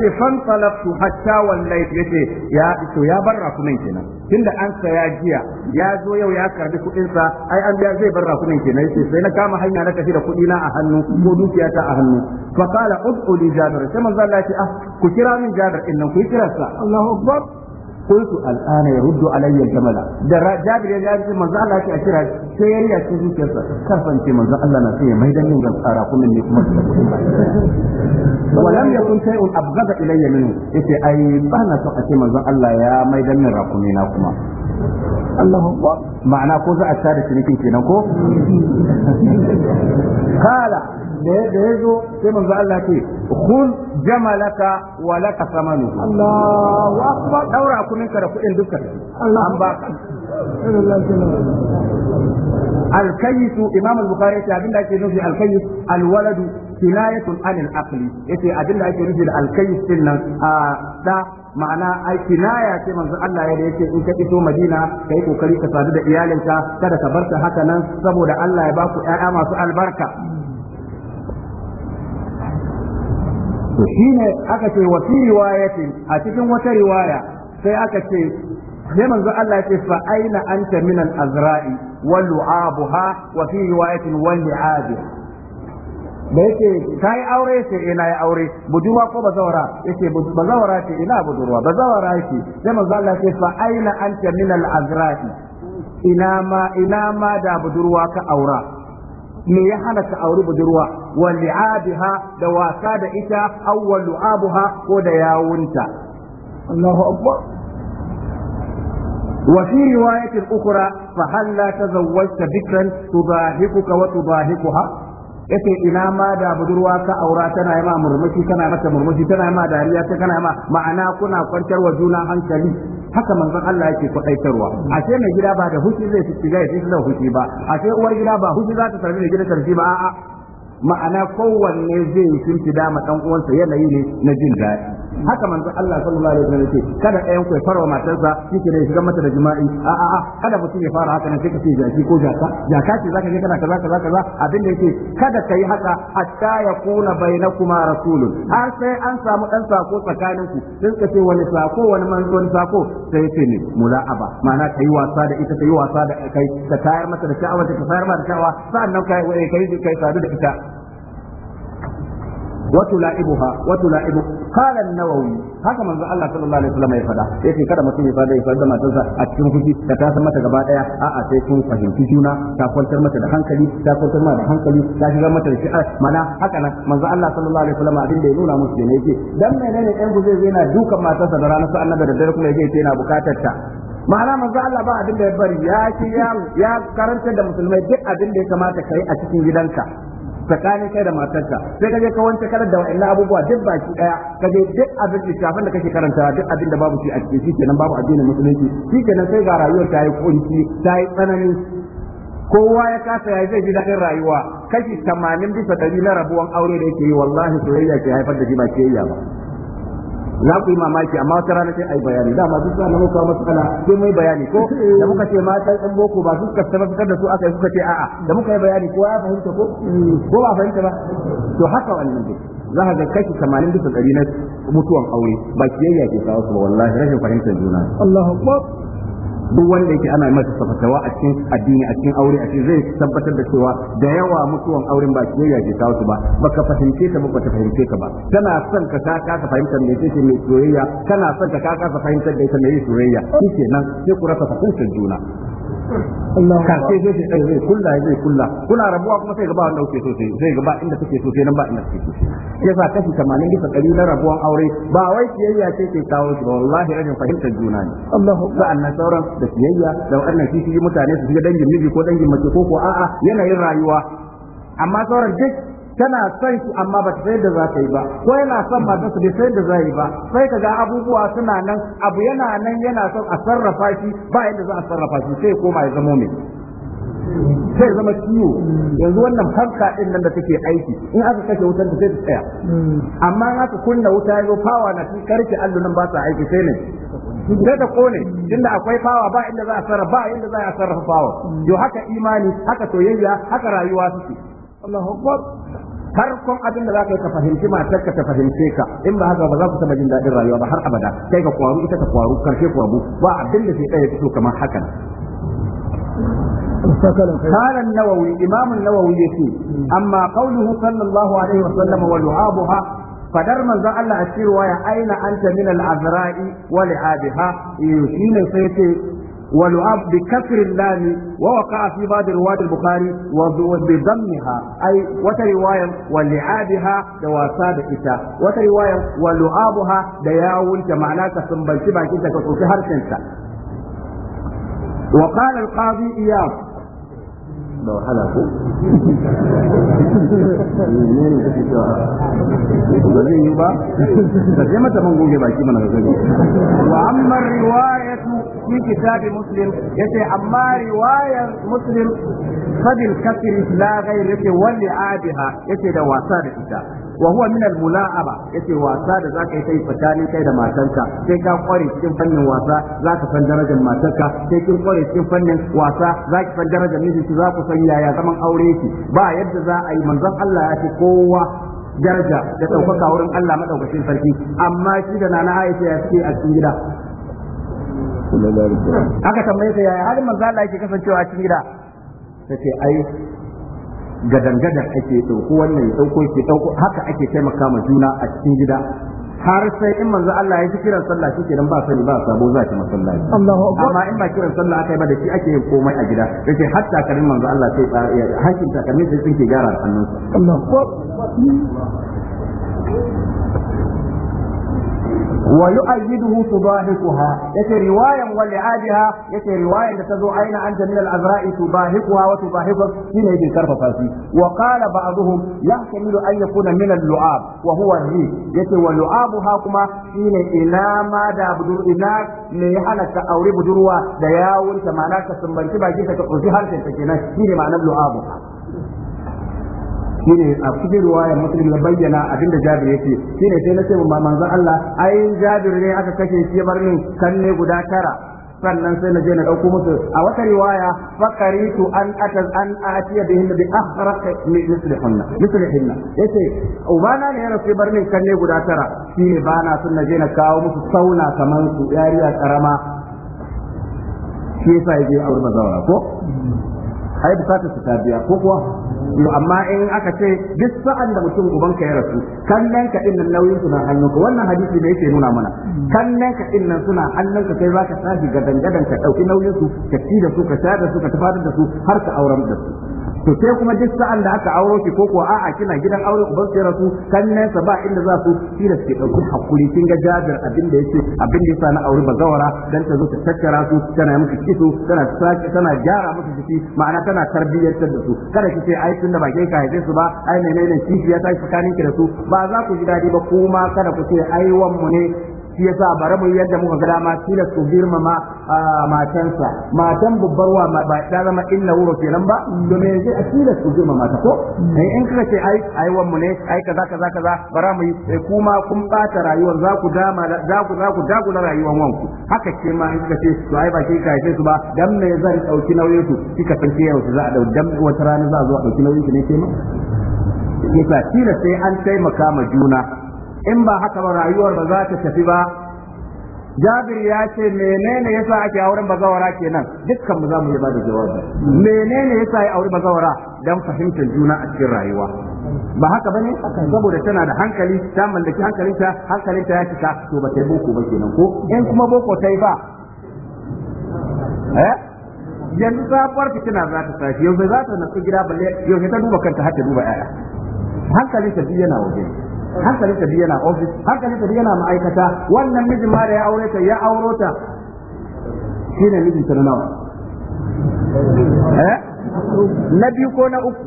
yace fan talaqtu hatta wallahi yace ya to ya barra kunan kenan tunda an saya jiya ya zo yau ya karbi kuɗinsa sa ai an biya zai barra kunan kenan yace sai na kama hanya na tafi da kuɗi na a hannu ko dukiya ta a hannu fa qala ud'u li jabir sai manzo Allah ya ce ah ku kira min jabir din nan ku kira sa Allahu akbar qultu al'ada yaruddu alayya al-jamala da jabir ya ji manzo Allah ya kira sai yayi ya ci zuciyarsa kasance manzo Allah na sai ya maidan min ga tsara kuma ne kuma walam yakun shay'un abghada ilayya minhu yace ai ba na so a ce manzo Allah ya maidan min rakumi na kuma ma'ana ko za a da cinikin kenan ko kala da ya zo sai manzo Allah ke kun jamalaka wa laka samanu Allahu akbar daura kunin ka da kudin duka Allah an baka الكيس امام البخاري يقول ابن ذاك الكيس الولد كناية عن العقل يقول ابن ذاك الكيس ان دا ma'ana ai kinaya ce manzo Allah ya yace in ka fito Madina kai kokari ka sadu da iyalinka kada ka barta haka nan saboda Allah ya baku ƴaƴa masu albarka to shine aka ce wa fi riwayatin a cikin wata riwaya sai aka ce sai manzo Allah ya ce fa aina anta min al-azra'i wal wa fi riwayatin wal da yake ta yi aure ce ina eh, ya aure budurwa ko bazawara yake bazawara ce ina budurwa bazawara yake sai manzo Allah sai fa aina anta min al azrahi ina ma ina ma da budurwa ka aura me ya hana ka auri budurwa wal li'abha da wasa da ita awwal lu'abuha ko da yawunta Allahu akbar وفي رواية أخرى فهل لا تزوجت بكرا تضاهكك وتضاهكها yace ina ma da budurwa ka aura tana yi ma murmushi tana mata murmushi tana yi ma dariya ta kana ma ma'ana kuna kwantar wa juna hankali haka manzon Allah yake A ashe mai gida ba da hushi zai fi shiga ya fi da hushi ba ashe uwar gida ba hushi za ta sarfi da gida sarfi ba a'a ma'ana kowanne zai yi sun fi dama dan uwansa yanayi ne na jin daɗi haka manzo Allah sallallahu alaihi wasallam ce kada ɗayan ku ya fara matarsa shi ne shiga mata da jima'i a a a kada mutum ya fara haka nan sai ka ce jaki ko jaka jaka ce zaka je kana kaza kaza kaza abin da yake kada kai haka hatta kuna bainakuma rasulun har sai an samu dan sako tsakanin ku sai ka ce wani sako wani manzo wani sako sai ce ne mula'aba ma'ana kai wasa da ita kai wasa da kai ka tayar mata da sha'awa ka tayar mata da sha'awa sannan kai kai kai sadu da ita وتلائمها وتلائم قال النووي haka manzo Allah sallallahu alaihi wasallam ya fada yace kada mutum ya fada ya fada matarsa a cikin fushi ka ta san mata gaba daya a'a sai kun fahimci juna ta kwantar mata da hankali ta kwantar mata da hankali ta shiga mata da shi'a mana haka nan manzo Allah sallallahu alaihi wasallam abin da ya nuna musu ne yace dan menene ɗan guzai zai na dukan matarsa da ranar sa'an da daddare kuma yana bukatar ta ma'ana manzo Allah ba abin da ya bari ya ya karanta da musulmai duk abin da ya kamata kai a cikin gidanka tsakanin kai da matarka sai ka je ka wanke kalar da wa'annan abubuwa duk baki daya ka je duk abin da shafin da kake karanta duk abin da babu shi a cikin shi kenan babu addinin musulunci shi kenan sai ga rayuwar ta yi kunci ta yi tsanani kowa ya kasa ya zai ji daɗin rayuwa kashi 80 bisa 100 na rabuwan aure da yake yi wallahi soyayya ke haifar da shi ba ke ba za ku yi mamaki amma wata rana sai ai bayani dama duk na muka masu kana sai mai bayani ko da muka ce mata ɗan boko ba su suka tafi fitar da su aka yi suka ce a'a da muka yi bayani ko ya fahimta ko ko ba fahimta ba to haka wannan dai za ka ga kashi 80 bisa ɗari na mutuwan aure ba kiyayya ke kawo su ba wallahi rashin fahimtar juna Allahu akbar duk wanda yake ana masa fatawa a cikin addini a cikin aure a cikin zai tabbatar da cewa da yawa mutuwan auren ba kiyayya ke kawo su ba baka fahimce ta ba baka fahimce ka ba kana son ka ka kasa fahimtar me yake mai soyayya kana son ka ka kasa fahimtar da ita mai soyayya shikenan sai ku rasa fahimtar juna kace zai ce zai kulla zai kulla kuna rabuwa kuma sai gaba wanda kuke so sai zai gaba inda kake so sai nan ba inda kake so sai sa kashi tamanin bisa ɗari na rabuwan aure ba wai siyayya ce ke kawo shi ba wallahi rajin fahimtar juna ne Allahu ba annan sauran da siyayya da wannan shi mutane su shiga dangin miji ko dangin mace ko ko a'a yanayin rayuwa amma sauran duk tana son shi amma ba ta da za ta yi ba ko yana son su bai sayar da za yi ba sai ka ga abubuwa suna nan abu yana nan yana son a sarrafa shi ba yadda za a sarrafa shi sai koma ya zama mai sai zama ciwo yanzu wannan fanka din nan da take aiki in aka kashe wutar ta sai ta tsaya amma in aka kunna wuta yazo fawa na fi karfe allunan ba sa aiki sai ne sai ta kone inda akwai fawa ba inda za a sarrafa ba inda za a sarrafa fawa yau haka imani haka soyayya haka rayuwa suke Allahu Akbar farkon abin da zaka yi ka fahimci matar ka ta fahimce ka in ba haka ba za ku taba jin daɗin rayuwa ba har abada kai ka kwaru ita ka kwaru karshe kwabu, rabu ba abin da ke ɗaya fito kamar hakan قال النووي إمام النووي يقول أما قوله صلى الله عليه وسلم ولعابها fadar manzon Allah a cikin waya aina anta min al-azra'i wa li'abiha eh, shine sai ce ولعاب بكسر اللام ووقع في بعض رواية البخاري وبضمها أي وترواية ولعابها دواساد إتا وترواية ولعابها دياون كمعناك سنبنشبا كنت كتوكي هرشنسا وقال القاضي إياه da wahala ko ne ne ba zai yi ba mata man goge baki mana wa amma riwayatu fi kitab muslim yace amma riwayar muslim fadil kasr la ghayr yace wali ya yace da wasa da ita wa huwa min al-mula'aba yace wasa da zaka yi sai fatani kai da matanka sai ka kware cikin fannin wasa zaka san darajar matanka sai kin kware cikin fannin wasa zaki san darajar mijinki za ku san yaya zaman aure ki ba yadda za a yi manzon Allah ya ce kowa daraja da ɗaukaka wurin Allah maɗaukacin sarki amma shi da nana Aisha ya ce a cikin gida aka tambaye ta yaya halin manzo Allah yake kasancewa a cikin gida ta ai gadangadan ake ɗauko wannan ya ɗauko ke ɗauko haka ake taimaka ma juna a cikin gida har sai in manzo Allah ya fi kiran sallah shi kenan ba sani ba sabo za ki masallaci Allahu akbar amma in ba kiran sallah akai ba da shi ake yin komai a gida yace har karin manzo Allah sai hankin takarin sai sun ke gyara hannunsa Allahu akbar wa yu'ayyiduhu tubahiquha yace riwayan wal adiha yace riwayan da ta zo aina anta min al azra'i tubahiquha wa tubahiqu shine yake karfafa shi wa qala ba'dhum yahtamilu an yakuna min al lu'ab wa huwa ri yace wa lu'abuha kuma shine ina ma da budur ina ne ya halaka aure budurwa da ya ta ma'ana ka sumbanci baki ka ka kurji harshen ta kenan shine ma'anar lu'abu. shine a cikin ruwayar muslim ya bayyana abinda jabir yake shine sai na ce ma manzo Allah ai jabir ne aka kashe shi ya bar min kanne guda tara sannan sai na je na dauko musu a wata riwaya faqaritu an atal an atiya bihi bi ahraq min mislihunna mislihunna yace ubana ne ya sai bar min kanne guda tara shine bana sun na je na kawo musu sauna kamar su yariya karama shi yasa yaje aure mazawara ko ai bukatar su ta biya ko kuwa amma in aka ce duk sa'an da mutum ubanka ya rasu kallon ka din nan nauyin suna hannunka wannan hadisi da yake nuna mana kallon ka din suna hannunka kai zaka tashi gadan gadan ka dauki nauyin su ka ci da su ka sha da su ka tafadar da su har ka auren da su to sai kuma duk sa'an da aka auro ki ko ko a'a kina gidan aure uban sai rasu kan sa ba inda za su da suke dauki hakuri kin ga jabir abin da yake abin da yasa na aure bazawara dan ta zo ta tattara su tana miki kiso tana saki tana gyara musu jiki ma'ana tana tarbiyyar da su kada ki ce ai tunda ba kai ka haife su ba ai menene kifi ya tashi tsakanin ki da su ba za ku ji dadi ba kuma kada ku ce ai wan mu ne shi yasa bare mu yadda muka ga dama tilas su girmama matansa matan babbar wa ba ta zama inna wuro kenan ba domin yanzu a tilas su girmama ta ko eh, in kika ce ai ai wannan ne ai kaza kaza kaza bara mu eh, kuma kun bata rayuwar za ku dama za ku za ku dagula rayuwar wanku haka ce ma in kika ce to ai ba ke ka ce su ba dan me zan dauki nauyin su kika san ke yau za a dauki dan wata rana za a zo a dauki nauyin ki ne ke ma yasa tilas sai an taimaka ma juna in ba haka ba rayuwar ba za ta tafi ba jabir ya ce menene yasa ake auren bazawara kenan dukkan mu za mu yi ba da jawabi menene yasa ya aure bazawara dan fahimtar juna a cikin rayuwa ba haka bane saboda tana da hankali ta mallaki hankalinta hankalinta ya cika to ba ta boko ba kenan ko in kuma boko ta yi ba eh yanzu sabuwar fitina za ta yau yanzu za ta nasu gida balle yanzu ta duba kanta har ta duba yaya hankalin ta yana waje Hankali ta yana office hankali ta yana ma'aikata wannan mijin ma da ya aure ta ya auro ta shine mijin ta nawa eh na biyu ko na uku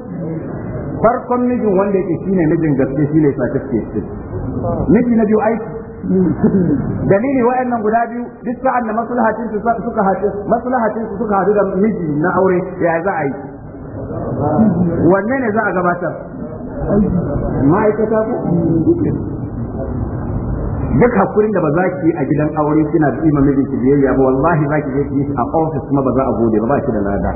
farkon mijin wanda yake shine mijin gaske shine shi miji na biyu aiki dalili wa'annan guda biyu duk sa'an da maslahatin su suka hadu maslahatin su suka hadu da miji na aure ya za a yi wanne ne za a gabatar ma'aikata ko duk hakurin da ba za ki a gidan aure kina da ima mijin ki biyayya ba wallahi za ki je ki a office kuma ba za a gode ba ba ki da lada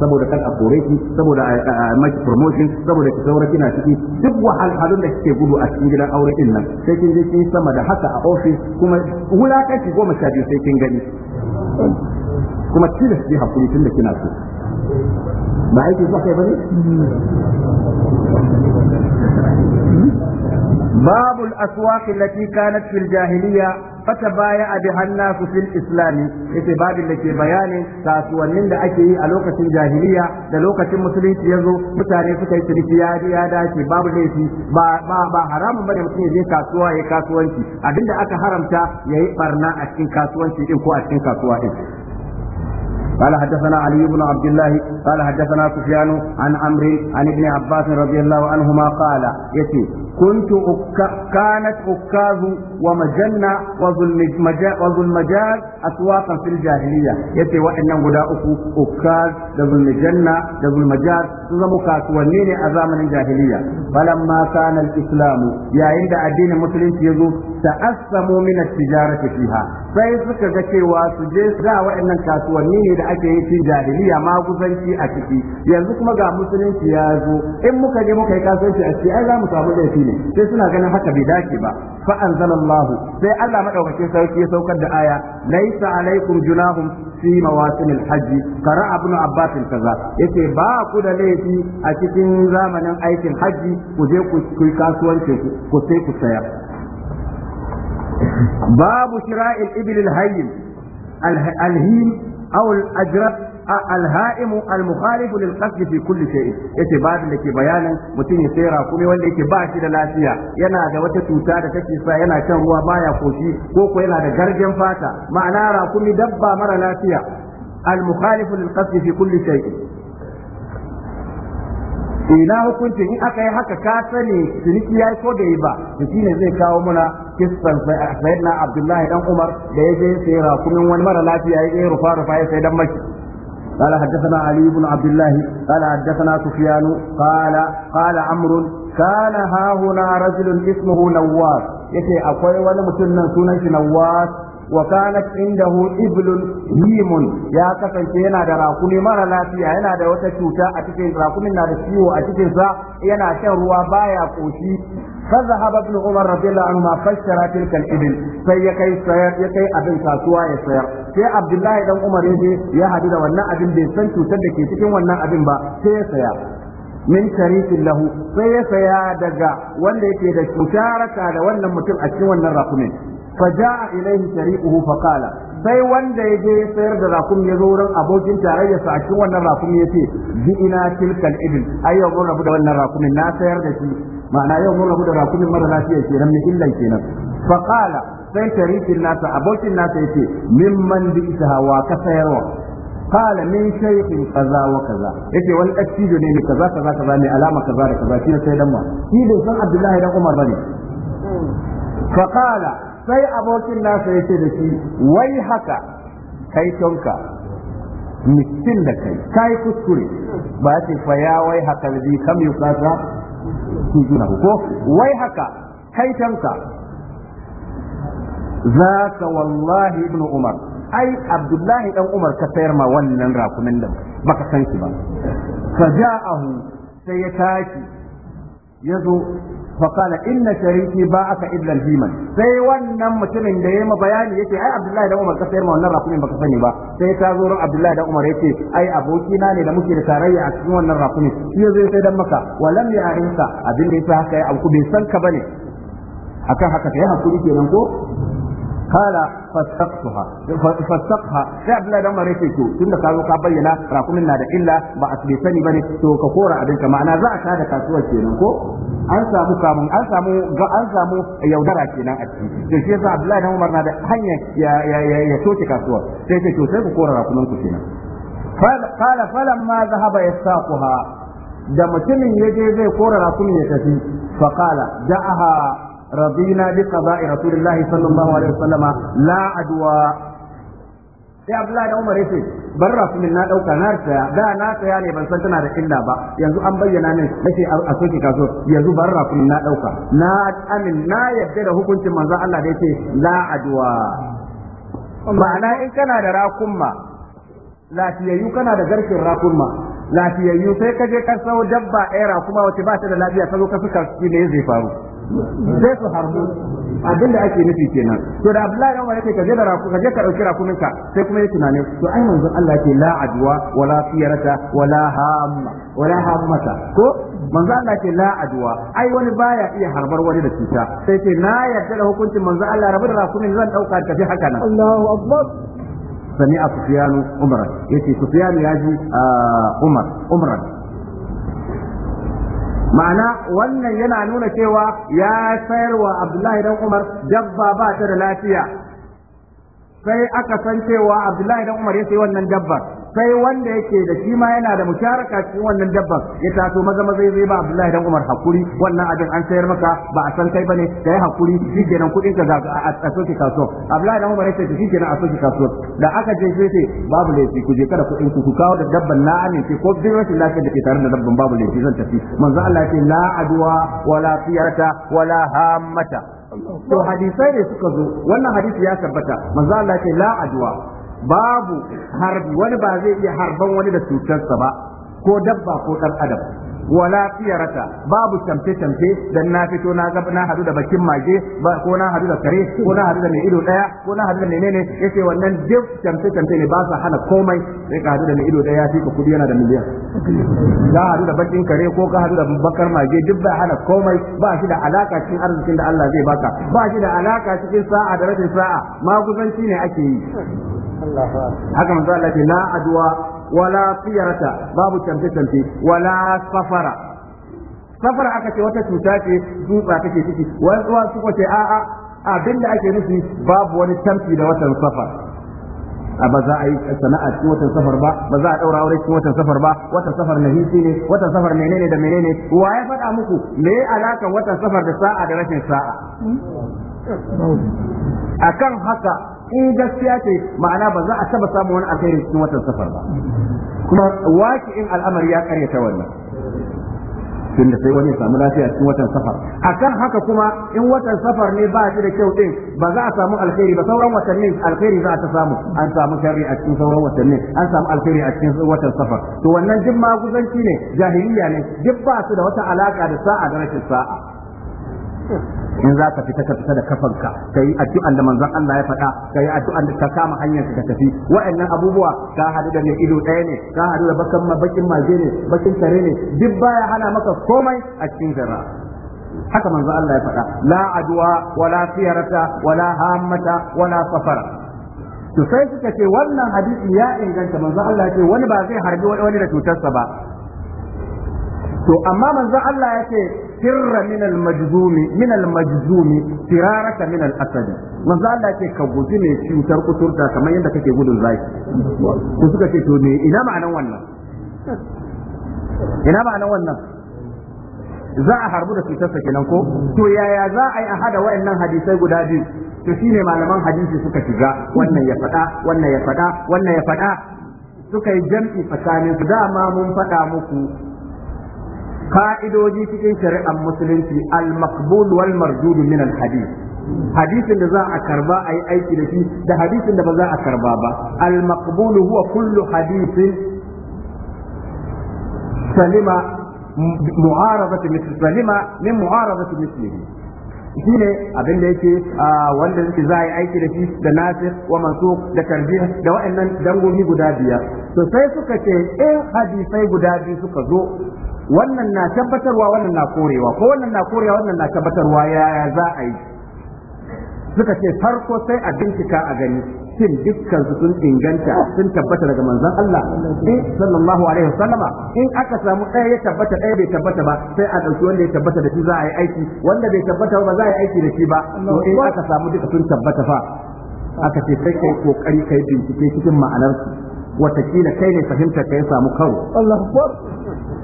saboda kan a kore ki saboda a maki promotion saboda ki saura kina ciki duk wahalhalun da kike gudu a cikin gidan aure din nan sai kin je kin sama da haka a office kuma wulakanci goma sha biyu sai kin gani kuma tilas ki hakuri tun da kina so ba aiki sa kai bane باب الأسواق التي كانت في الجاهلية فتبايع بها الناس في الإسلام في باب التي بيان kasuwannin da ake yi a lokacin jahiliya da lokacin musulunci ya zo mutane suka yi ciniki ya dace babu laifi ba ba ba haramun bane mutum ya je kasuwa ya kasuwanci abinda aka haramta yayi ɓarna a cikin kasuwanci din ko a cikin kasuwa din قال حدثنا علي بن عبد الله قال حدثنا سفيان عن عمرو عن ابن عباس رضي الله عنهما قال يتي كنت أكا كانت أكاز ومجنة وذو المجاز أسواقا في الجاهلية يتي وإن غدا أكو أكاز ذو المجنة ذو المجاز تزمو كاسوانين أزامن الجاهلية فلما كان الإسلام يا عند الدين المسلم يزو ta'assamu min at-tijarati fiha sai suka ga cewa su je da waɗannan kasuwanni ne da ake yi cikin jahiliya ma kusanci a ciki yanzu kuma ga musulunci ya zo in muka je muka yi kasuwanci a ciki ai za mu samu laifi ne sai suna ganin haka bai dace ba fa anzalallahu sai Allah madaukakin sarki ya saukar da aya laisa alaikum junahum fi mawasimil hajji qara ibn abbas kaza yace ba ku da laifi a cikin zamanin aikin hajji ku je ku kasuwanci ku sai ku saya babu shira'il ibil al-hayyim al-him aw al-ajrab al-ha'im al-mukhalif lil-qasd fi kulli shay yace babin da ke bayanin mutum ya tsira kuma wanda yake ba shi da lafiya yana da wata cuta da take sa yana shan ruwa baya koshi ko ko yana da garjen fata ma'ana rakumi dabba mara lafiya al-mukhalif lil-qasd fi kulli shay ina hukuncin in aka yi haka ka sani ciniki ya ko da yi ba da shine zai kawo muna kissan na abdullahi dan umar da ya je sai rakumin wani mara lafiya ya yi rufa rufa ya sai dan maki قال حدثنا علي بن عبد الله قال حدثنا سفيان قال قال عمرو كان ها هنا رجل اسمه نواس يتي اكوي wani mutum nan sunan shi wa kana indahu iblun himun ya kasance yana da rakuni mara lafiya yana da wata cuta a cikin rakunin na da ciwo a cikin sa yana shan ruwa baya koshi fa zahaba ibn umar radiyallahu anhu fa shara tilka iblun sai ya kai abin kasuwa ya sayar sai abdullahi dan umar yaje ya hadu da wannan abin bai san cutar da ke cikin wannan abin ba sai ya saya min tarihi lahu sai ya saya daga wanda yake da cutar da wannan mutum a cikin wannan rakunin فجاء إليه شريكه فقال sai wanda ya je ya sayar da rakum ya zo wurin abokin tarayya sa a cikin wannan rakum ya ce bi ina tilkal ibil ai yau mun rabu da wannan rakumin na sayar da shi ma'ana yau mun rabu da rakumin mara lafiya kenan mai illan kenan fa qala sai tarikin nasa abokin nasa yace mimman bi ita wa ka sayarwa قال من شيخ كذا وكذا yace wani dattijo ne kaza kaza kaza ne alama kaza da kaza shi sai dan ma shi bai san Abdullahi dan Umar bane fa qala sai abokin nasa ya ce da shi wai haka kai tonka mutum da kai kai kuskure ba ya ce wai haka da kam yi kasa ko wai haka kai tonka za ka wallahi ibn umar ai abdullahi dan umar ka sayar ma wannan rakunan da baka san shi ba fa ja'ahu sai ya tashi ya zo فقال ان شريكي باعك ابن الهيمن sai wannan mutumin da yayi bayani yake ai Abdullahi da Umar kasai ma wannan rakumin baka sani ba sai ta zo ran Abdullahi da Umar yace ai aboki na ne da muke da tarayya a cikin wannan rakumin shi zai sai dan maka walam ya arinka abin da yasa haka ya abu bai san ka bane akan haka kai hakuri kenan ko kala fasaqtuha fasaqha sai Abdullahi da mare ce to tunda ka zo ka bayyana rakumin na da illa ba a bai sani bane to ka kora abin ka ma'ana za a ta da kasuwar kenan ko an samu kamun an samu ga an samu yaudara kenan a ciki to shi yasa Abdullahi da Umar na da hanya ya ya ya soke kasuwar sai ce to sai ku kora rakumin ku kenan قال فلما ذهب يساقها da mutumin ya je zai kora rakumin ya tafi fa kala faqala da'aha رضينا بقضاء رسول الله صلى الله عليه وسلم لا عدوى sai Abdullahi da Umar yace bar rasulun na dauka na saya da na saya ne ban san tana da illa ba yanzu an bayyana min nace a soke kaso yanzu bar rasulun na dauka na amin na yadda da hukuncin manzon Allah da yace la adwa ma'ana in kana da rakunma lafiyayyu kana da garkin rakunma lafiyayyu sai ka je ka sau dabba era kuma wace ba ta da lafiya ka zo ka suka shi ne zai faru sai su harbu abin da ake nufi kenan to da Abdullahi Umar yake kaje da raku je ka dauki rakumin ka sai kuma ya tunane to ai manzon Allah ke la adwa wala fiyarata wala hamma wala hammata ko manzon Allah ke la adwa ai wani baya iya harbar wani da cuta sai ce na yarda da hukuncin manzon Allah rabu da rakumin zan dauka tafi haka nan Allahu akbar sami'a sufyanu umran yace sufyanu ya ji umar umran ma'ana wannan yana nuna cewa ya sayarwa abdullahi dan umar dabba ba ta da lafiya sai aka san cewa abdullahi dan umar ya sayi wannan dabbar sai wanda yake da shi ma yana da musharaka cikin wannan dabban ya taso maza maza zai ba Abdullahi dan Umar hakuri wannan abin an sayar maka ba a san kai bane kai hakuri nan kudin ka ga a soke kaso Abdullahi dan Umar ya ce nan a soke kaso da aka je sai sai babu laifi ku je kada kudin ku ku kawo da dabban na amince ko bin rashin lafiya da ke tare da dabban babu laifi zan tafi manzo Allah ya ce la adwa wala fiyarta wala hammata to hadisai ne suka zo wannan hadisi ya tabbata manzo Allah ya ce la adwa babu harbi wani ba zai iya harban wani da cutarsa ba ko dabba ko ɗan adam wala fiyarata babu tamfe tamfe dan na fito na ga na hadu da bakin mage ba ko na hadu da kare ko na hadu da mai ido daya ko na hadu da menene yace wannan duk tamfe tamfe ne ba sa hana komai sai ka hadu da mai ido daya ya ka kudi yana da miliyan ka hadu da bakin kare ko ka hadu da bakar mage duk ba hana komai ba shi da alaka cikin arzikin da Allah zai baka ba shi da alaka cikin sa'a da rashin sa'a maguzanci ne ake yi haka manzo Allah ce la adwa wala tsiyarata babu canfe-canfe wala safara safara aka ce wata cuta ce dutsa take ciki wani su ko ce a'a abin da ake nufi babu wani canfi da watan safar a ba za a yi sana'a cikin watan safar ba ba za a daura aure cikin watan safar ba watan safar na hisi ne watan safar menene da menene wa ya faɗa muku me alakan watan safar da sa'a da rashin sa'a akan haka in gaskiya ce ma'ana ba za a taba samu wani alheri cikin watan safar ba kuma waki in al'amari ya ta wannan tun da sai wani samu lafiya cikin watan safar akan haka kuma in watan safar ne ba shi da kyau din ba za a samu alheri ba sauran watanni alheri za a ta samu an samu sharri a cikin sauran watanni an samu alheri a cikin watan safar to wannan jin maguzanci ne jahiliya ne duk ba su da wata alaka da sa'a da rashin sa'a in za ka fita ka fita da kafanka ka yi addu'an da manzon Allah ya faɗa ka yi addu'an da ta kama hanyar ka tafi wa'annan abubuwa ka hadu da mai ido ɗaya ne ka hadu da bakan bakin maje ne bakin kare ne duk baya hana maka komai a cikin zara haka manzo Allah ya faɗa la adwa wala siyarata wala hammata wala safara to sai suka ce wannan hadisi ya inganta manzo Allah ya ce wani ba zai harbi wani da cutarsa ba to amma manzo Allah ya ce firra min al-majzumi min al-majzumi firaraka min al-asad manzo Allah yake ka guji ne cutar kuturta kamar yadda kake gudun zaki ko suka ce to ne ina ma'anan wannan ina ma'anan wannan za a harbu da cutarsa kenan ko to yaya za a yi a hada waɗannan hadisai guda biyu to shine malaman hadisi suka shiga wannan ya faɗa wannan ya faɗa wannan ya faɗa suka yi jam'i tsakanin su dama mun faɗa muku ka'idoji cikin shari'ar musulunci al-maqbul wal mardud min al-hadith hadisin da za a karba a yi aiki da shi da hadisin da ba za a karba ba al-maqbul huwa kullu hadithin salima mu'arabati mithli salima min mu'arabati mithlihi shine abin da yake wanda yake za a yi aiki da shi da nasir wa mansuk da tarbiyya da waɗannan dangogi guda biyar to sai suka ce in eh, hadisai guda biyu suka zo wannan na tabbatarwa wannan na korewa ko wannan na korewa wannan na tabbatarwa yaya za a yi suka ce farko sai a bincika a gani shin dukkan su sun inganta sun tabbata daga manzon Allah eh, sallallahu alaihi wasallama in aka samu ɗaya ya tabbata ɗaya bai tabbata ba sai a ɗauki wanda ya tabbata da shi za a yi aiki wanda bai tabbata ba za a yi aiki da shi ba to in aka samu duka sun tabbata fa aka ce sai kai kokari kai bincike cikin ma'anar su kila kai ne fahimtar ka ya samu karo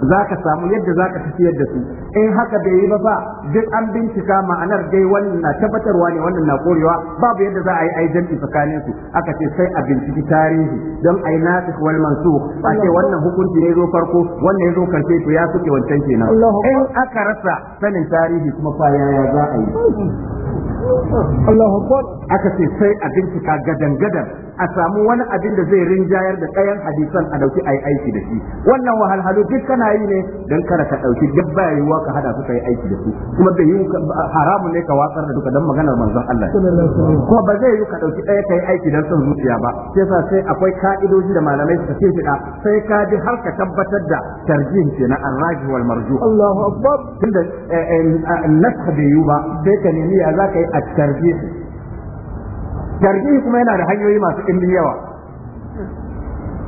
za ka samu yadda za ka tafiyar da su in haka bai yi ba fa duk an bincika ma'anar dai wannan na tabbatarwa ne wannan na korewa babu yadda za a yi aijanti tsakanin su aka ce sai a binciki tarihi don a yi nasikh wal su a ce wannan hukunci ne zo farko wannan ya zo karshe to ya suke wancan kenan in aka rasa sanin tarihi kuma fa za a yi aka ce sai a bincika gadan gadan a samu wani abin da zai rinjayar da ɗayan hadisan a dauki ayi aiki da shi wannan wahalhalu duk kana yi ne dan kada ka dauki dabba yi ka hada su kai aiki da su kuma bai yi haramu ne ka watsar da duka dan maganar manzon Allah kuma ba zai yi ka ɗauki ɗaya kai aiki dan son zuciya ba sai sa sai akwai ka'idoji da malamai suka ce sai ka ji har ka tabbatar da tarjih kenan arraji wal marju Allahu akbar tunda eh, eh, eh, nasha bai yi ba sai ka nemi ya za ka yi a tarjih tarjihi kuma yana da hanyoyi masu ɗimbin yawa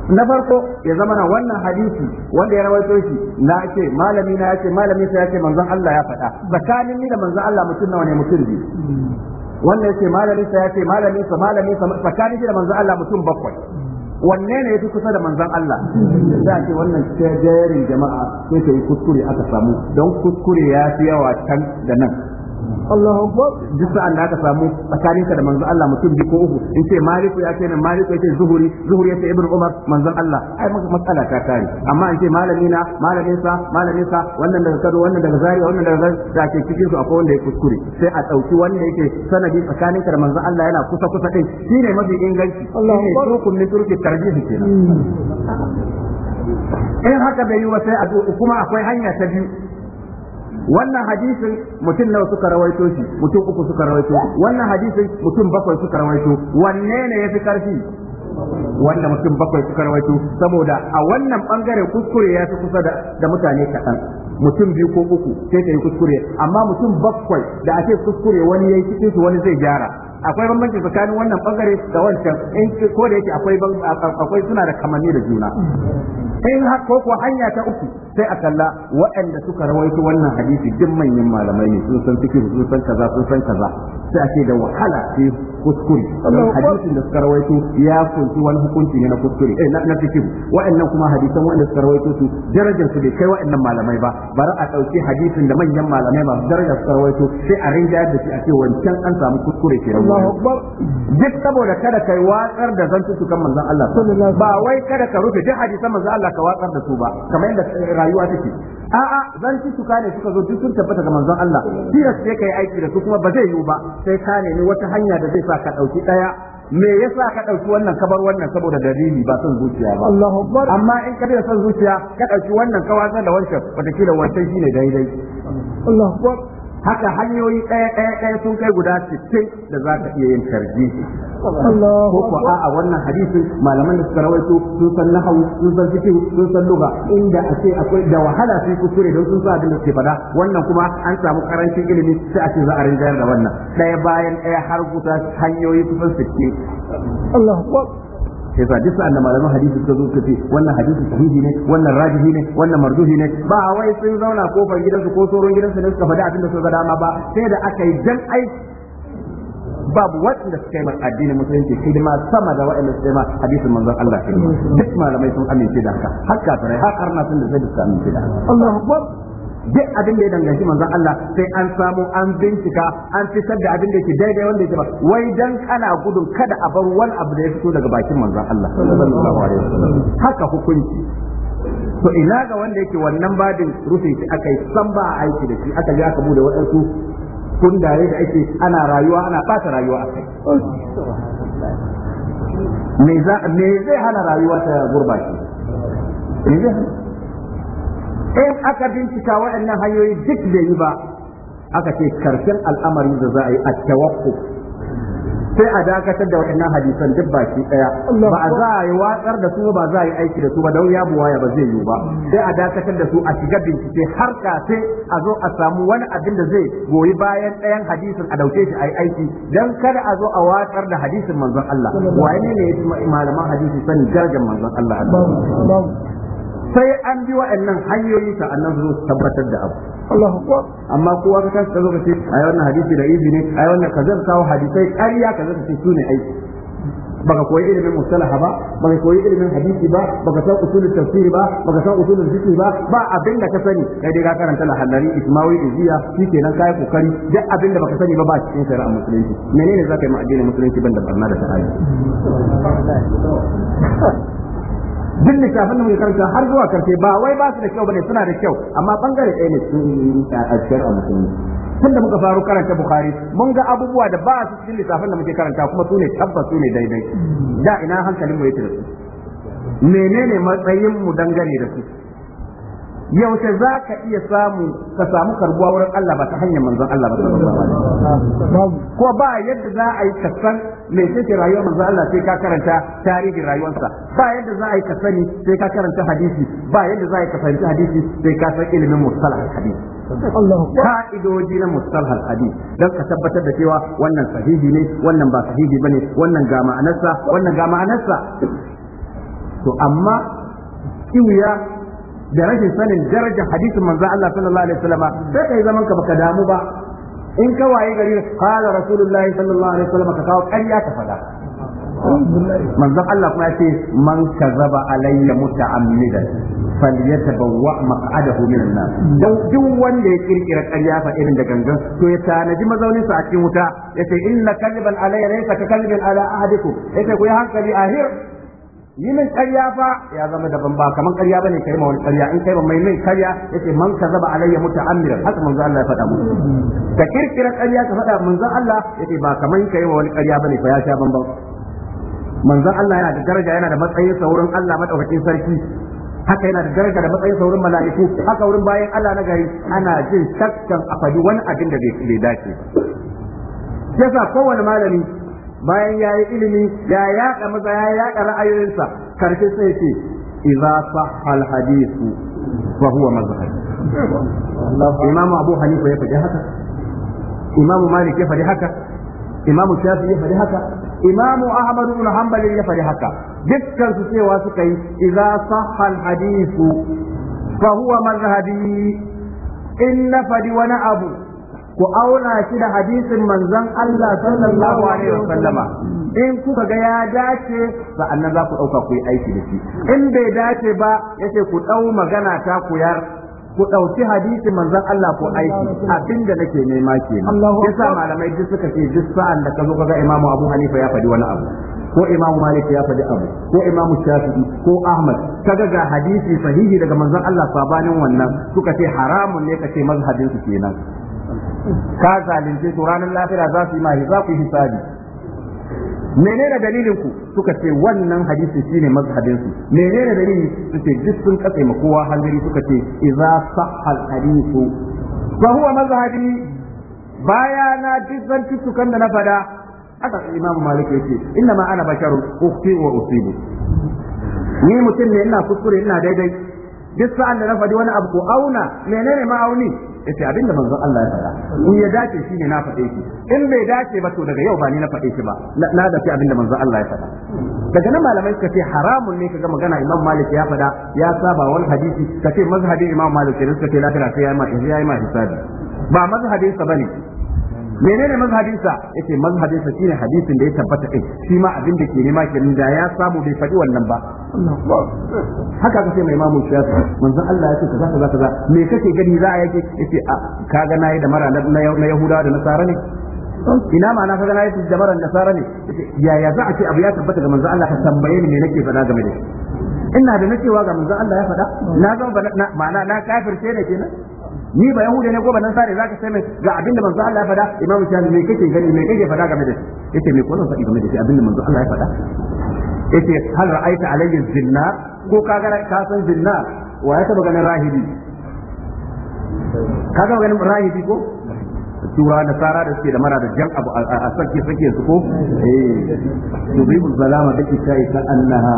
na farko ya zama na wannan hadisi wanda ya rawaito shi na ce malami na yace malami sai yace manzon Allah ya faɗa tsakanin ni da manzon Allah mutum nawa ne mutum biyu wannan yace malami sai yace malami sa malami sa tsakanin shi da manzon Allah mutum bakwai wanne ne yafi kusa da manzon Allah za ce wannan jerin jama'a sai ta yi kuskure aka samu don kuskure ya fi yawa can da nan Allahu Akbar duk sa'an da aka samu tsakanin ka da manzon Allah mutum biyu ko uku in ce Maliku ya ce nan Maliku ya ce Zuhuri Zuhuri ya ce Ibn Umar manzon Allah ai maka matsala ta kare amma in ce malami na malamin sa malamin sa wannan daga Kano wannan daga Zaria wannan daga Zaria da ke cikin su akwai wanda ya kuskure sai a dauki wanda yake sanadi tsakanin ka da manzon Allah yana kusa kusa din shine mafi inganci shine turkun min turki tarjihi kenan hmm. in haka bai yi wa sai a kuma akwai hanya ta biyu wannan hadisin mutum nawa suka rawaito shi mutum uku suka rawaito wannan hadisin mutum bakwai suka rawaito wanne ne yafi karfi wanda mutum bakwai suka rawaito saboda a wannan bangare kuskure ya fi kusa da mutane kaɗan mutum biyu ko uku sai ta yi kuskure amma mutum bakwai da ake kuskure wani ya yi cikin wani zai gyara akwai bambanci tsakanin wannan bangare da wancan in ko da yake akwai akwai suna da kamanni da juna in har ko hanya ta uku sai a kalla waɗanda suka rawaito wannan hadisi duk manyan malamai ne sun san fikihu sun san kaza sun san kaza sai a ce da wahala sai kuskure hadisin da suka rawaito ya kunshi wani hukunci ne na kuskure eh na fikihu waɗannan kuma hadisan waɗanda suka rawaito su darajar su bai kai waɗannan malamai ba bari a ɗauki hadisin da manyan malamai masu darajar suka rawaito sai a rinjayar da shi a ce wancan an samu kuskure kenan duk saboda kada kai watsar da zantuttukan manzon Allah ba wai kada ka rufe duk hadisan manzon Allah ka watsar da su ba kamar yadda rayuwa take a'a zantuttuka ne suka zo duk sun tabbata ga manzon Allah tilas sai kai aiki da su kuma ba zai yiwu ba sai ka nemi wata hanya da zai sa ka dauki daya me yasa ka ɗauki wannan kabar wannan saboda dalili ba son zuciya ba Allahu Akbar amma in ka da son zuciya ka ɗauki wannan watsar da wancan kila wancan shine daidai Allahu Akbar haka hanyoyi ɗaya ɗaya ɗaya sun kai guda sittin da za ka iya yin tarji ko ko a wannan hadisin malaman da suka rawaito sun san nahawu sun san fiqh sun san lugha inda ake akwai da wahala su kuskure don sun san abin da suke fada wannan kuma an samu karancin ilimi sai a ce za a rinjayar da wannan ɗaya bayan ɗaya har guda hanyoyi kusan sittin sai sa duk sa'an da malaman hadisi suka zo suka wannan hadisi sahihi ne wannan rajihi ne wannan marduhi ne ba wai sun zauna kofar gidansu ko tsoron gidansu ne suka faɗi abin da suka dama ba sai da aka yi jan aiki babu waɗanda suka yi addinin musulunci hidima sama da waɗanda suka yi hadisin manzon Allah duk malamai sun amince da haka har kafirai har arna sun da sai suka amince da Allahu akbar duk abin da ya danganci manzon Allah sai an samu an bincika an fitar da abin da yake daidai wanda yake ba wai dan kana gudun kada a bar wani abu da ya fito daga bakin manzon Allah sallallahu alaihi wasallam haka hukunci to ina ga wanda yake wannan babin rufin shi aka san ba a aiki da shi aka ji aka bude waɗansu kundaye da ake ana rayuwa ana ɓata rayuwa me zai hana rayuwa ta gurbaci me in aka bincika waɗannan hanyoyi duk da yi ba aka ce karshen al'amarin da za a yi a tawakku sai a dakatar da waɗannan hadisan duk baki ɗaya ba a za a yi watsar da su ba za a yi aiki da su ba don ya waya ba zai yi ba sai a dakatar da su a shiga bincike har kafin a zo a samu wani abin da zai goyi bayan ɗayan hadisin a dauke shi a yi aiki don kada a zo a watsar da hadisin manzon Allah wani ne ya malaman hadisi sanin darajar manzon Allah sai an bi wa'annan hanyoyi ta annan zuwa tabbatar da abu Allahu akbar amma kowa ka san zo ka ce ai wannan hadisi da izini ai wannan kaza kawo hadisai ƙarya kaza ka ce su ne aiki baka koyi ilimin mustalaha ba baka koyi ilimin hadisi ba baka san usulul tafsir ba baka san usulul fiqh ba ba abin da ka sani kai dai ka karanta lahallari ismawi iziya shikenan kai kokari duk abin da baka sani ba ba cikin shari'a musulunci menene zaka yi ma'ajin musulunci banda barna da ta'ala duk littafin da muke karanta har zuwa karshe ba wai ba su da kyau bane suna da kyau amma bangare ɗaya ne sun a ajiyar a musulmi tunda muka faru karanta bukhari mun ga abubuwa da ba su cikin littafin da muke karanta kuma su ne tabbas su ne daidai da ina hankalin mu yake da su menene matsayin mu dangane da su yaushe za ka iya samu ka samu karbuwa wurin Allah ba ta hanyar manzon Allah ba ko ba yadda za a yi kasan mai ce rayuwar manzon Allah sai ka karanta tarihin rayuwarsa ba yadda za a yi kasani sai ka karanta hadisi ba yadda za a yi ka fahimci hadisi sai ka san ilimin mustalah hadisi ka'idoji na mustalhal hadith don ka tabbatar da cewa wannan sahihi ne wannan ba sahihi bane wannan ga ma'anarsa wannan ga ma'anarsa to amma kiwiya da rashin sanin darajar hadisin manzo Allah sallallahu alaihi wasallam sai kai zaman ka baka damu ba in ka waye gari qala rasulullahi sallallahu alaihi wasallam ka kawo ƙarya ka faɗa manzon Allah kuma ce man kazaba alayya muta'ammidan falyatabawwa maq'adahu minan nar dan duk wanda ya kirkira ƙarya fa irin da gangan to ya tanaji mazaunin sa a cikin wuta yace inna kaliban alayya laysa ka kalibin ala ahadikum yace ku yi hankali ahir yi min karya fa ya zama daban ba kamar karya bane kai ma wani karya in kai ba mai min karya yace man kazaba alayya muta'ammidan haka manzo Allah ya faɗa musu ka kirkira karya ka faɗa manzo Allah yace ba kamar kai ma wani karya bane fa ya sha bamban manzo Allah yana da daraja yana da matsayin saurin Allah madaukakin sarki haka yana da daraja da matsayin saurin mala'iku haka wurin bayan Allah na gari ana jin shakkan a faɗi wani abin da bai dace ba yasa kowane malami bayan ya yi ilimi ya yaƙa masa ya yaƙa ra'ayoyinsa karshe sai ce idza sahal hadisu, fa huwa mazhab imam abu hanifa ya faɗi haka imam malik ya faɗi haka imam shafi ya faɗi haka imam ahmad ibn hanbal ya faɗi haka dukkan su cewa suka yi idza sahal hadisu, fa huwa mazhabi in na faɗi wani abu ku auna shi da hadisin manzon Allah sallallahu alaihi wasallama in kuka ga ya dace annan za ku ɗauka ku yi aiki da shi in bai dace ba yace ku ɗau magana ta ku yar ku ɗauki hadisi manzon Allah ku aiki abinda nake nema ke yasa malamai duk suka ce duk sa'an da ka zo imamu Abu Hanifa ya faɗi wani abu ko imamu Malik ya faɗi abu ko imamu Shafi'i ko Ahmad kaga ga hadisi sahihi daga manzon Allah sabanin wannan suka ce haramun ne kace mazhabin su kenan ka zalunce to ranar lafiya za su yi mahi za ku yi hisabi menene dalilin ku suka ce wannan hadisi shine mazhabin su menene dalilin su ce duk sun katse ma kowa hangari suka ce idza sahha al hadithu fa huwa mazhabi baya na duk zantukan da na fada haka imamu malik yake inna ma ana basharun ukti wa usibu ni mutum ne ina kuskure ina daidai duk sa'an da na fadi wani abu ko auna menene ma'auni yace abinda da manzon Allah ya faɗa in ya dace shine na faɗe shi in bai dace ba to daga yau ba ni na faɗe shi ba na dace abin da manzon Allah ya faɗa daga nan malamai suka ce haramun ne kaga magana Imam Malik ya faɗa ya saba wani hadisi kace mazhabin Imam Malik ne suka ce lafiya sai ya yi ma hisabi ba mazhabin sa bane menene mazhabinsa yace sa shine hadisin da ya tabbata din shi ma abin da ke nema kenan da ya samu bai faɗi wannan ba haka kace mai imamu shafi manzon Allah yace kaza kaza kaza me kake gani za a yake yace a kaga nayi da mara na Yahuda da nasara ne ina ma na kaga nayi da mara nasara ne yaya za a ce abu ya tabbata ga manzon Allah ka tambaye ni me nake faɗa game da shi ina da nacewa ga manzon Allah ya faɗa na ga ma'ana na kafirce ne kenan ni ba yahuda ne ko ba nan sare zaka sai mai ga abinda manzo Allah ya faɗa imam shafi me kake gani me kake faɗa game da shi yace me ko zan faɗi game da shi abinda manzo Allah ya faɗa yace hal ra'aita alayhi zinna ko ka ga ka san zinna wa ya taba ganin rahibi ka ga ganin rahibi ko tura da sara da suke da mara da jan abu a sarki sarki su ko eh yubibu salama da ita ka annaha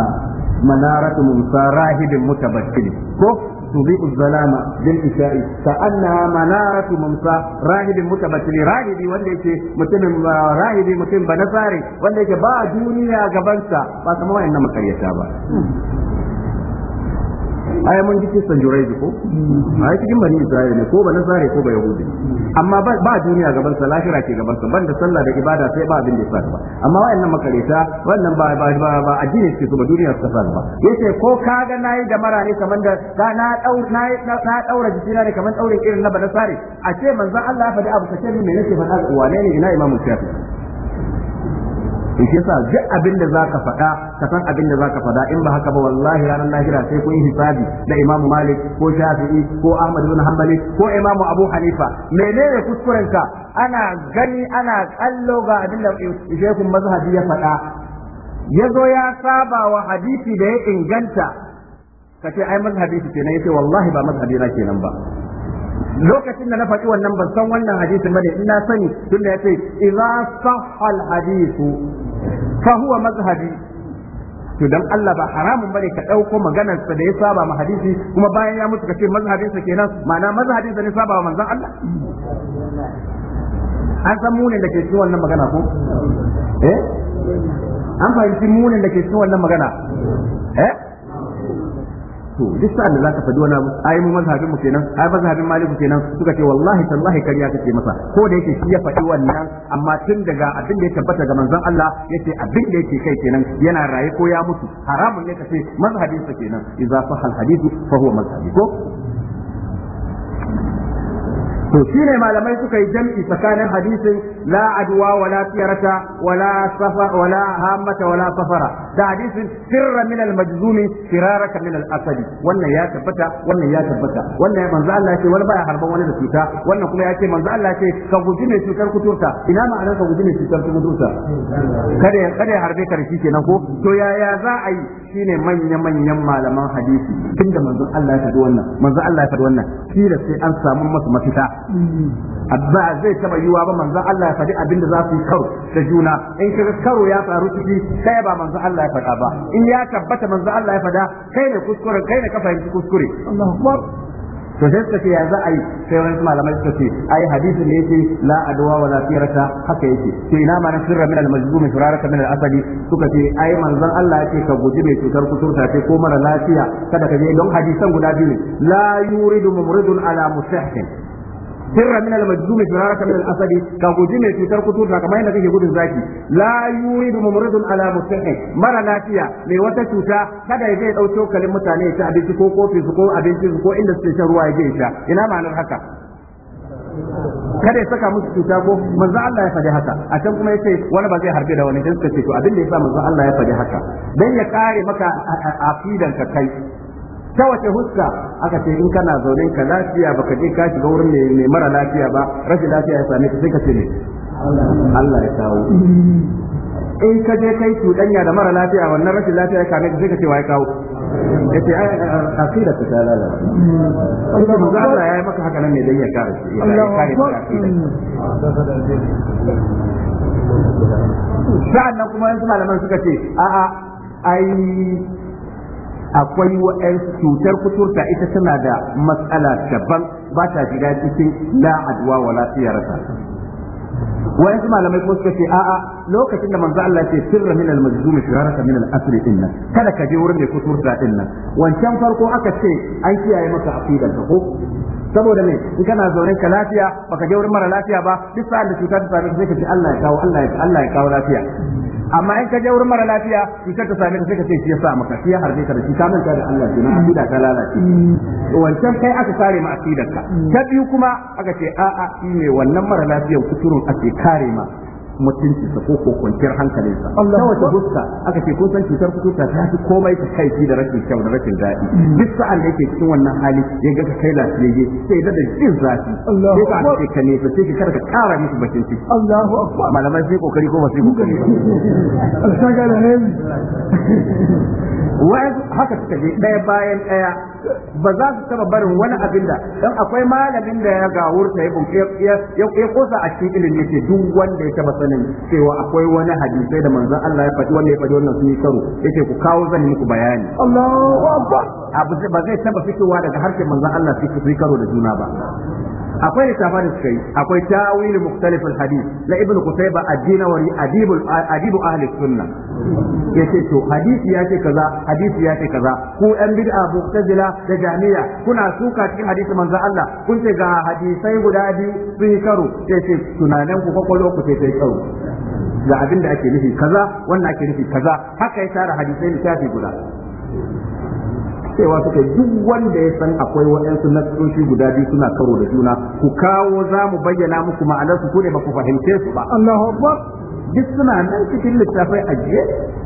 manaratu musa rahibin mutabattil ko تضيء الظلام بالإشاء كأنها منارة ممسى راهب متبتل راهبي wanda yake mutumin rahibi mutum ba na tsari wanda yake ba duniya gabansa ba kuma wayannan makaryata ba ai mun ji kisan juraiji ko hmm. ai cikin bani isra'ila ne ko ba nasare ko ba yahudi amma ba duniya gaban sa lahira ke gaban sa banda sallah da ibada sai ba abin da yasa ba amma wayannan makareta wannan ba ba ba, ba addini ce su ba duniya ta sa ba yace ko kaga nayi da mara ne kaman da na dau nayi na daura jikina ne kaman daurin irin na ba nasare a ce manzon Allah ya faɗi abu kace ne me nake faɗa uwane ne ina imamu shafi to shi yasa duk abin da zaka faɗa ka san abin da zaka faɗa in ba haka ba wallahi ranar lahira sai kun yi hisabi da Imam Malik ko Shafi'i ko Ahmad ibn Hanbali ko Imam Abu Hanifa menene kuskurenka ana gani ana kallo ga abin da shekun mazhabi ya faɗa ya zo ya saba wa hadisi da ya inganta kace ai mazhabi kenan yace wallahi ba mazhabi na kenan ba lokacin da na faɗi wannan ban san wannan hadisin bane in na sani tunda yace idza sahha al hadithu fa huwa mazhabi to dan Allah ba haramun bane ka dauko maganar sa da ya saba ma hadisi kuma bayan ya mutu kace mazhabin sa kenan ma'ana mazhabin sa ne saba wa manzon Allah an san munin da ke cikin wannan magana ko eh an fahimci munin da ke cikin wannan magana eh to duk sa'an da zaka faɗi wani abu ai mu mazhabin mu kenan ai mazhabin maliku kenan suka ce wallahi tallahi kariya kake masa ko da yake shi ya faɗi wannan amma tun daga abin da ya tabbata ga manzon Allah yace abin da yake kai kenan yana raye ko ya mutu haramun ne kace mazhabin sa kenan idza sahal hadithu fa huwa mazhabi ko to ne malamai suka yi jam'i tsakanin hadisin la adwa wala tiyarata wala safa wala hamata wala safara da hadisin sirra min al majzumi firaraka min al asadi wannan ya tabbata wannan ya tabbata wannan ya manzo Allah ce wani baya harban wani da cuta wannan kuma ya ce manzo Allah ce ka guji mai cutar kuturta ina ma'anar ka guji mai cutar kuturta kada ya kada harbe karshi kenan ko to yaya za a yi shine manya manyan malaman hadisi tunda manzo Allah ya faɗi wannan manzo Allah ya faɗi wannan kila sai an samu masa mafita abba zai taba yiwa ba manzon Allah ya faɗi abin da za su yi karo da juna in kaga karo ya faru ciki sai ba manzon Allah ya faɗa ba in ya tabbata manzon Allah ya faɗa kai ne kuskure kai ne ka fahimci kuskure Allahu Akbar to sai suka ce ya za a yi sai wani malamai suka ce ai hadisi ne yake la adwa wa la firata haka yake sai ina ma na sirra min al majzum firaraka min al asadi suka ce ai manzon Allah yake ka guji mai cutar kuturta ce ko mara lafiya kada ka je don hadisan guda biyu ne la yuridu mumridun ala musahhin sirra min al-majzum firaraka min al-asad ka guji mai cutar da kamar yadda kake gudun zaki la yuridu mumridun ala mustahi mara lafiya mai wata cuta kada ya je dauki kalin mutane ya abinci ko kofi ko abinci ko inda suke shan ruwa ya je sha ina ma'anar haka kada ya saka musu cuta ko manzo Allah ya faɗi haka a can kuma yace wani ba zai harbe da wani dan suka ce to abin da yasa manzo Allah ya faɗi haka dan ya kare maka afidan ka kai ta wace huska aka ce in kana zaune ka lafiya baka je ka shiga wurin mai mara lafiya ba rashin lafiya ya same ka sai ka ce ne Allah ya kawo in ka je kai cuɗanya da mara lafiya wannan rashin lafiya ya kame sai ka ce wa ya kawo ya ce ai aqida ta ta lalace kuma manzo Allah ya yi maka haka nan ne dan ya kare shi ya kare shi sa'an nan kuma yanzu malaman suka ce a'a ai akwai wa'ansu cutar kuturta ita tana da matsala daban ba ta shiga cikin la adwa wala siyarata wa'ansu malamai kuma suka ce a'a lokacin da manzo Allah ce sirra min al-majzum shiraraka min al-asri inna kada ka je wurin mai kuturta din wancan farko aka ce an kiyaye maka aqidar ka ko saboda me in kana zaune ka lafiya baka je wurin mara lafiya ba duk sa'an da cuta ta same sai ka ce Allah ya kawo Allah ya Allah ya kawo lafiya amma in ka je wurin mara lafiya cutar ta same ka sai ka ce shi ya sa maka shi ya harbe ka da shi ka manta da Allah kenan akida ta lalace wancan kai aka kare ma akidar ka ta biyu kuma aka ce a'a shi ne wannan mara lafiyar kuturun ake kare ma mutuncinsa ko ko kwanciyar hankalinsa ta wace fuska aka ce kun san cutar kuturta ta fi komai ta kai da rashin kyau da rashin daɗi duk sa'an da yake cikin wannan hali ya ga ka kai lafiyayye sai da da jin zafi Ya ka ce ka nesa sai ka kar ka kara musu bakin ciki Allahu akbar malamai sai kokari ko ba sai kokari ba wai haka ɗaya bayan ɗaya ba za su taba barin wani abin da dan akwai malamin da ya gawurta ya ya ya kosa a cikin ilimi yake duk wanda ya taba sanin cewa akwai wani hadisai da manzon Allah ya faɗi wanda ya faɗi wannan sun yi karo yake ku kawo zan muku bayani Allahu akbar abu ba zai taba fitowa daga harshen manzon Allah su yi karo da juna ba akwai littafa da suka yi akwai tawil mukhtalif hadith na ibnu qutayba ad-dinawari adibul adibu ahli sunna yace to hadisi ya ce kaza hadisi ya ce kaza ku yan bid'a mu'tazila da jami'a kuna suka cikin hadisi manzo Allah kun ce ga hadisai guda biyu sun yi karo sai ce ku kokolo ku sai karo ga abin da ake nufi kaza wannan ake nufi kaza haka ya tara hadisai littafi guda cewa suka duk wanda ya san akwai waɗansu nasoshi guda biyu suna karo da juna ku kawo za mu bayyana muku ma'anarsu ku ne ba ku fahimce su ba Allahu Akbar duk suna nan cikin littafai ajiye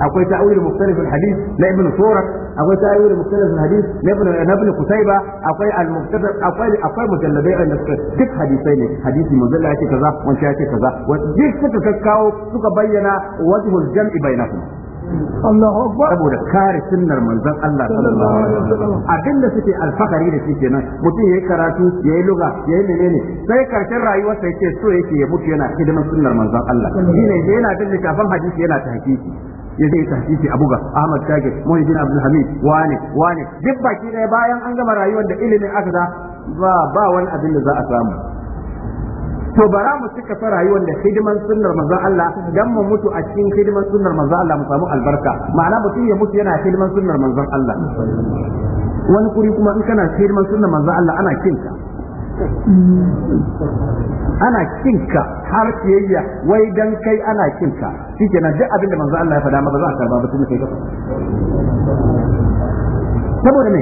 akwai ta'awil mukhtalif al-hadith na ibn surat akwai ta'awil mukhtalif al-hadith na ibn ibn kutayba akwai al-mukhtasar akwai akwai mujalladai wanda suka duk hadisai ne hadisi mujalla yake kaza wancan yake kaza wa duk suka kakkawo suka bayyana wajhul jam'i bainahum saboda kare sunnar manzon Allah sallallahu alaihi wasallam abinda suke alfahari da shi kenan mutum ya yi karatu yayi luga yayi menene sai karshen rayuwar sai yake so yake ya mutu yana hidiman sunnar manzon Allah ne yana da littafin hadisi yana hakiki ya zai tahqiqi Abu Ga Ahmad Shakir Muhammad Abdul Hamid wane wane duk baki ɗaya bayan an gama rayuwar da ilimin aka da ba ba wani abin da za a samu to bara mu cika sa rayuwar da hidiman sunnar manzon Allah dan mu mutu a cikin hidiman sunnar manzon Allah mu samu albarka ma'ana mutum ya mutu yana hidiman sunnar manzon Allah wani kuri kuma in kana hidiman sunnar manzon Allah ana kinka ana kinka har kiyayya wai dan kai ana kinka shikenan duk abin da manzo Allah ya faɗa maka za ka karba ba tun kai ka saboda me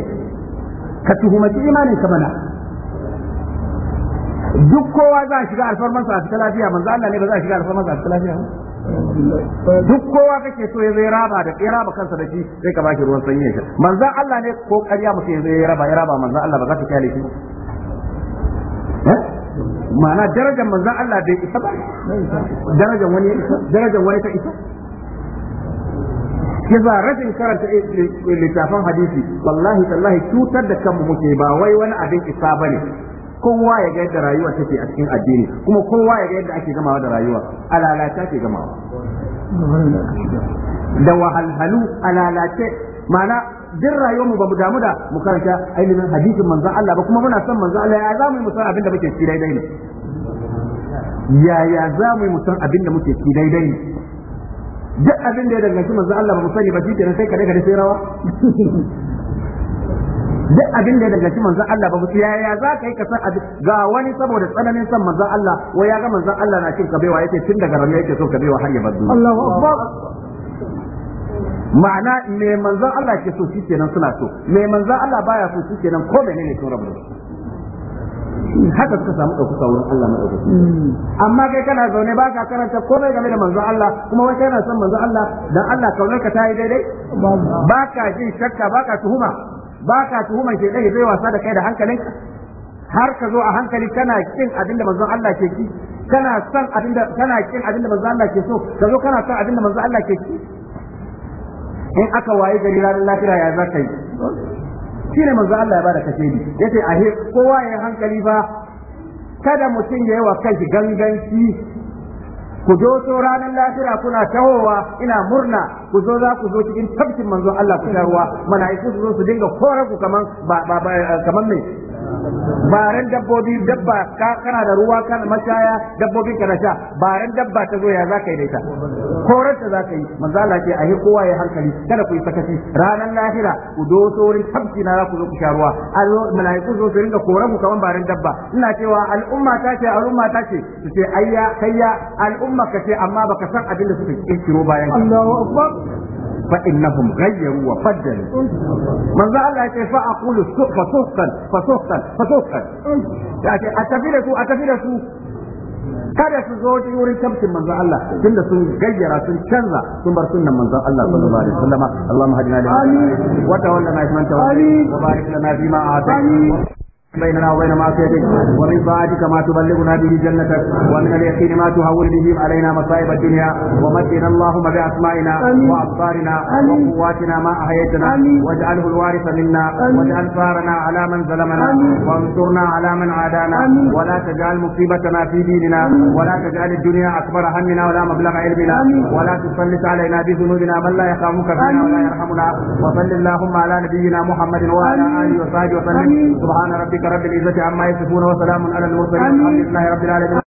ka tuhumati imanin ka mana duk kowa za a shiga alfarmar sa cikin lafiya manzo Allah ne ba za a shiga alfarmar sa cikin lafiya duk kowa kake so ya zai raba da ya raba kansa da shi sai ka baki ruwan sanyi shi manzo Allah ne ko ƙarya muke ya zai raba ya raba manzo Allah ba za ka kyale shi eh? ma'ana darajar manzo Allah bai isa ba darajar wani darajar wani ta isa kiza rashin karanta eh, eh, littafin hadisi wallahi tallahi cutar da kanmu muke ba wai wani abin isa bane kowa ya ga yadda rayuwa take a cikin addini kuma kowa ya ga yadda ake gamawa da rayuwa alalata ke gamawa da wahalhalu alalace ma'ana rayuwar mu ba mu damu da mu karanta ainihin hadisin manzon Allah ba kuma muna son manzon Allah ya za mu yi musan abin da muke ci daidai ne yaya za mu yi musan abin da muke ci daidai ne duk abin da ya danganci manzon Allah ba mu sani ba shi kenan sai kada kada sai rawa duk abin da ya danganci manzon Allah ba su yaya za ka yi ka san abin ga wani saboda tsananin san manzon Allah wa ya ga manzon Allah na cin kabewa yake tun daga ranar yake so kabewa har ya bar duniya Allahu akbar ma'ana me manzon Allah ke so shi kenan suna so me manzon Allah baya so shi kenan ko menene sun rabu haka suka samu ɗaukaka wurin Allah na ɗaukaka. Hmm. Amma kai kana zaune ba ka karanta komai game da manzon Allah kuma wai kana son manzon Allah dan Allah kaunar ka ta yi daidai? Ba ka jin shakka ba ka tuhuma. ba ka tuhumar shedan ɗaya zai wasa da kai da hankalin har ka zo a hankali kana kin abinda manzon Allah ke ki kana son abinda kana kin abinda manzon Allah ke so ka zo kana son abinda manzon Allah ke ki in aka waye gari ranar lafiya ya za ka yi ne manzon Allah ya bada kashe ni yace ahe kowa ya hankali ba kada mutum ya yi wa kai ganganci ku so ranar lafiya kuna tahowa ina murna ku zo za ku zo cikin tafkin manzon Allah ku sha ruwa mala'iku su zo su dinga kora ku kaman ba kaman me baran dabbobi dabba ka kana da ruwa kana mashaya dabbobi kana sha baran dabba ta zo ya zaka yi da ita korar ta za ka yi manzo Allah ce yi kowa ya hankali kada ku yi sakaci ranar lahira ku doso wurin tabki na ku zo ku sha ruwa allo malaiku zo su ringa koran ku kaman baran dabba ina cewa al'umma ta ce al'umma ta ce su ce ayya kayya al'umma ka ce amma baka san abin da suke kiro bayan Allahu akbar فإنهم غيروا وفجروا من ذا الله يتفع أقول فسوخا فسوخا فسوخا يعني أتفلسوا أتفلسوا كان يسوى زوج يوري كمس من ذا الله كنا سن غيرا سن كنزا ثم برسلنا من ذا الله صلى الله عليه وسلم اللهم هدنا لهم وتولنا ما يسمى وبارك لنا فيما آتنا بيننا وبين معصيتك ومن طاعتك ما تبلغنا به جنتك ومن اليقين ما تهون به علينا مصائب الدنيا ومدنا اللهم بأسمائنا وأبصارنا وقواتنا ما أحييتنا واجعله الوارث منا واجعل ثارنا على من ظلمنا وانصرنا على من عادانا ولا تجعل مصيبتنا في ديننا ولا تجعل الدنيا أكبر همنا ولا مبلغ علمنا ولا تسلط علينا بذنوبنا من لا يخافك فينا ولا يرحمنا وصل اللهم على نبينا محمد وعلى آله وصحبه وسلم سبحان ربك رب العزة عما يصفون وسلام على المرسلين والحمد لله رب العالمين